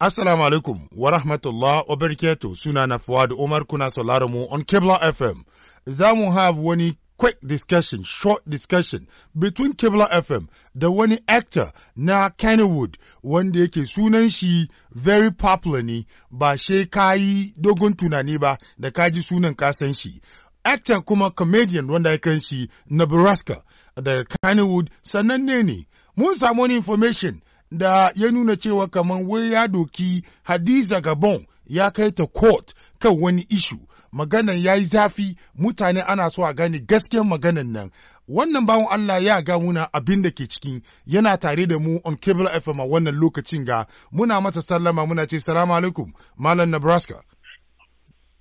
Assalamu alaikum wa rahmatullah wa barakatuh suna na Fuad Umar kuna sauraron mu on Kebla FM. Za mu have wani quick discussion, short discussion between kebla FM da wani actor na Kennywood wanda yake sunan shi very popular ne ba she kayi dogon tunani ba da kaji sunan kasan shi. Actor kuma comedian wanda ya kiran shi Nebraska da Kennywood sannan ne ne. Mun samu wani information da ya nuna cewa kamar wai ya doki hadiza gabon ya kai ta court kan wani ishu maganan ya yi zafi mutane ana so a gane gaskiyar maganan nan wannan bawon Allah ya ga muna abin da ke ciki yana tare da mu on cable fm a wannan lokacin ga muna masa sallama muna ce salamu alaikum malam nebraska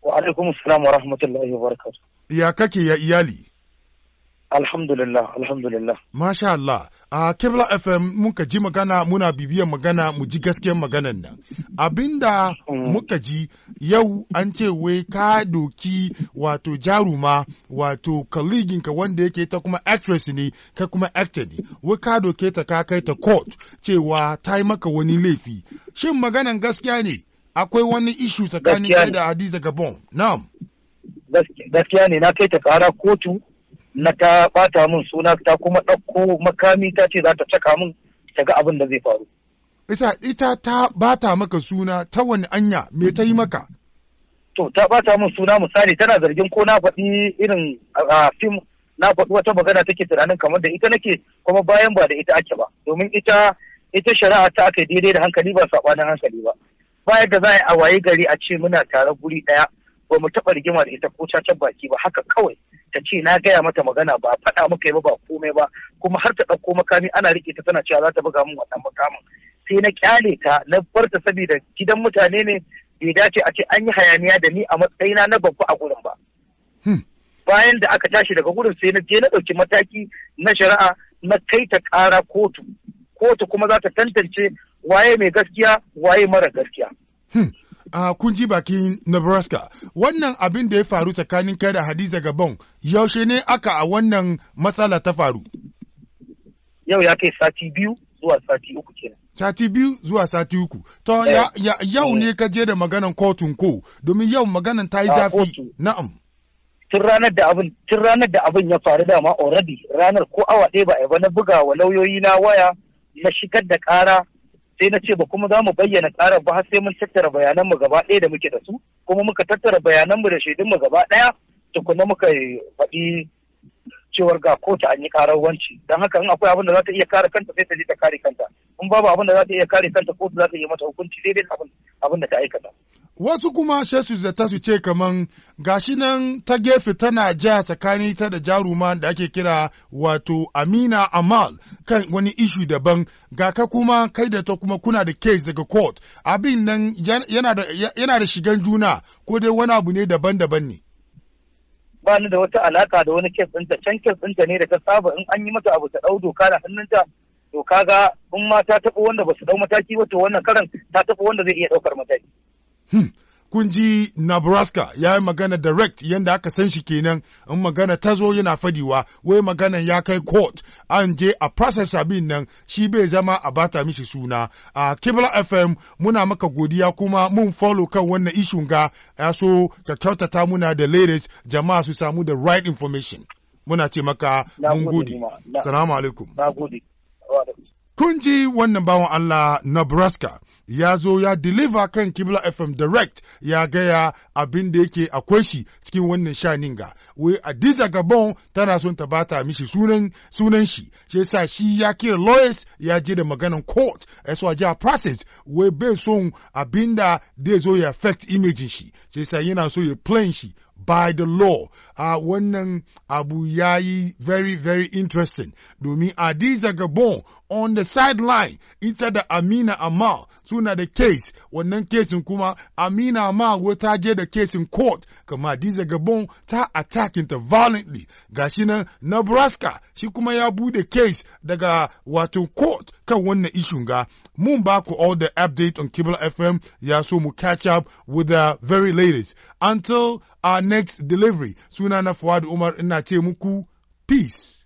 wa alaikum salam wa rahmatullahi wa barakatuh ya kake ya iyali Alhamdulillah, alhamdulillah. Masha Allah, a Kibla FM muka ji magana muna bibiyar magana mu ji gaskiyar maganan nan. Abinda mm. muka ji yau an ce wai ka doki wato jaruma wato kaliginka wanda yake ta kuma actress ne ka kuma actor ne. Wai ka doke ta ka kai ta court cewa ta yi maka wani laifi. Shin maganan gaskiya ne? Akwai wani issue tsakanin da Hadiza Gabon. Na'am. Gaskiya ne na kai ta kara kotu na ta bata min suna ta kuma ɗauko makami ta ce za ta caka mun ta ga abin da zai faru. Isa ita ta bata maka suna ta wani anya me ta yi maka? To ta bata min suna misali tana zargin ko na faɗi irin a fim na faɗi wata magana take tunanin kamar da ita nake kuma bayan ba da ita ake ba domin ita ita shari'a ta aka daidai da hankali ba saɓanin hankali ba. Bayan da za a yi a wayi gari a ce muna tare guri ɗaya ba mu taɓa rigima da ita ko cacan baki ba haka kawai. ta ce na gaya mata magana ba faɗa maka yi ba komai ba kuma har ta ɗauko makami ana rike ta tana cewa za ta buga min wannan makamin sai na kyale ta na bar ta saboda gidan mutane ne bai dace a ce an yi hayaniya da ni a matsayina na babba a gurin ba. Hmm. Bayan da aka tashi daga gurin sai na je na ɗauki mataki na shari'a na kai ta ƙara kotu. Kotu kuma za ta tantance waye mai gaskiya waye mara gaskiya. Hmm. a kunji bakin Nebraska. Wannan abin da ya faru tsakanin kai da Hadiza Gabon yaushe ne aka a wannan matsala ta faru? Yau ya kai sati biyu zuwa sati uku kenan. Sati biyu zuwa sati uku. To eh. yau ya, ya, ne ka je da maganan kotun ko domin yau maganan ta yi zafi. Na'am. Tun ranar da abin tun ranar da abin ya faru dama already ranar ko awa ɗaya ba a ba na buga wa lauyoyi na waya na shigar da ƙara sai na ce ba kuma za mu bayyana ƙarar ba har sai mun tattara bayananmu gaba ɗaya da muke da su kuma muka tattara bayananmu da mu gaba ɗaya tukuna muka faɗi cewar ga kotu an yi karar wanci don haka in akwai abin da za ta iya kare kanta sai ta je ta kare kanta in babu abin da za ta iya kare kanta kotu za ta iya mata hukunci daidai abin abin da ta aikata wasu kuma shesu su ta su ce kaman gashi nan ta gefe tana ja tsakani ta da jaruma da ake kira wato Amina Amal kan wani ishu daban ga ka kuma kai da ta kuma kuna da case daga court abin nan yana da shigan juna ko dai wani abu ne daban-daban ne ba ni da wata alaka da wani kes ɗinta can kes ɗinta ne da ta saba in an yi mata abu ta ɗau doka da hannunta to kaga in ma ta taɓa wanda ba su ɗau mataki ba to wannan karan ta taɓa wanda zai iya ɗaukar mataki. Hmm. kun ji Nebraska ya yi magana direct yadda aka san shi kenan in magana ta zo yana fadiwa wai magana ya kai court an je a process abin nan shi bai zama a bata mishi suna a Kibla FM muna maka godiya kuma mun follow kan wannan ishun ga ya so ka kyautata muna da latest jama'a su samu da right information muna ce maka mun gode salamu alaikum kun ji wannan bawan Allah Nebraska ya zo ya deliver kan Kibla FM direct ya gaya abin da yake akwai shi cikin wannan shanin ga wai Adiza Gabon tana son ta bata mishi sunan sunan shi shi yasa shi ya kira lawyers ya je da maganan court ya so ja process wai bai son abin da zai zo ya affect imajin shi shi yasa yana so ya plan shi by the law a ah, wannan abu ya yi very very interesting domin Adiza Gabon on the sideline ita da Amina Amal suna da case wannan kesin kuma Amina Amal ta je da kesin court kama Adiza Gabon ta attacking ta violently gashi nan Nebraska shi kuma ya bude case daga wato court kan wannan ishin ga mun ba ku all the update on Kibble FM ya so mu catch up with the very latest until our next delivery suna na Fawad Umar ina ce muku peace.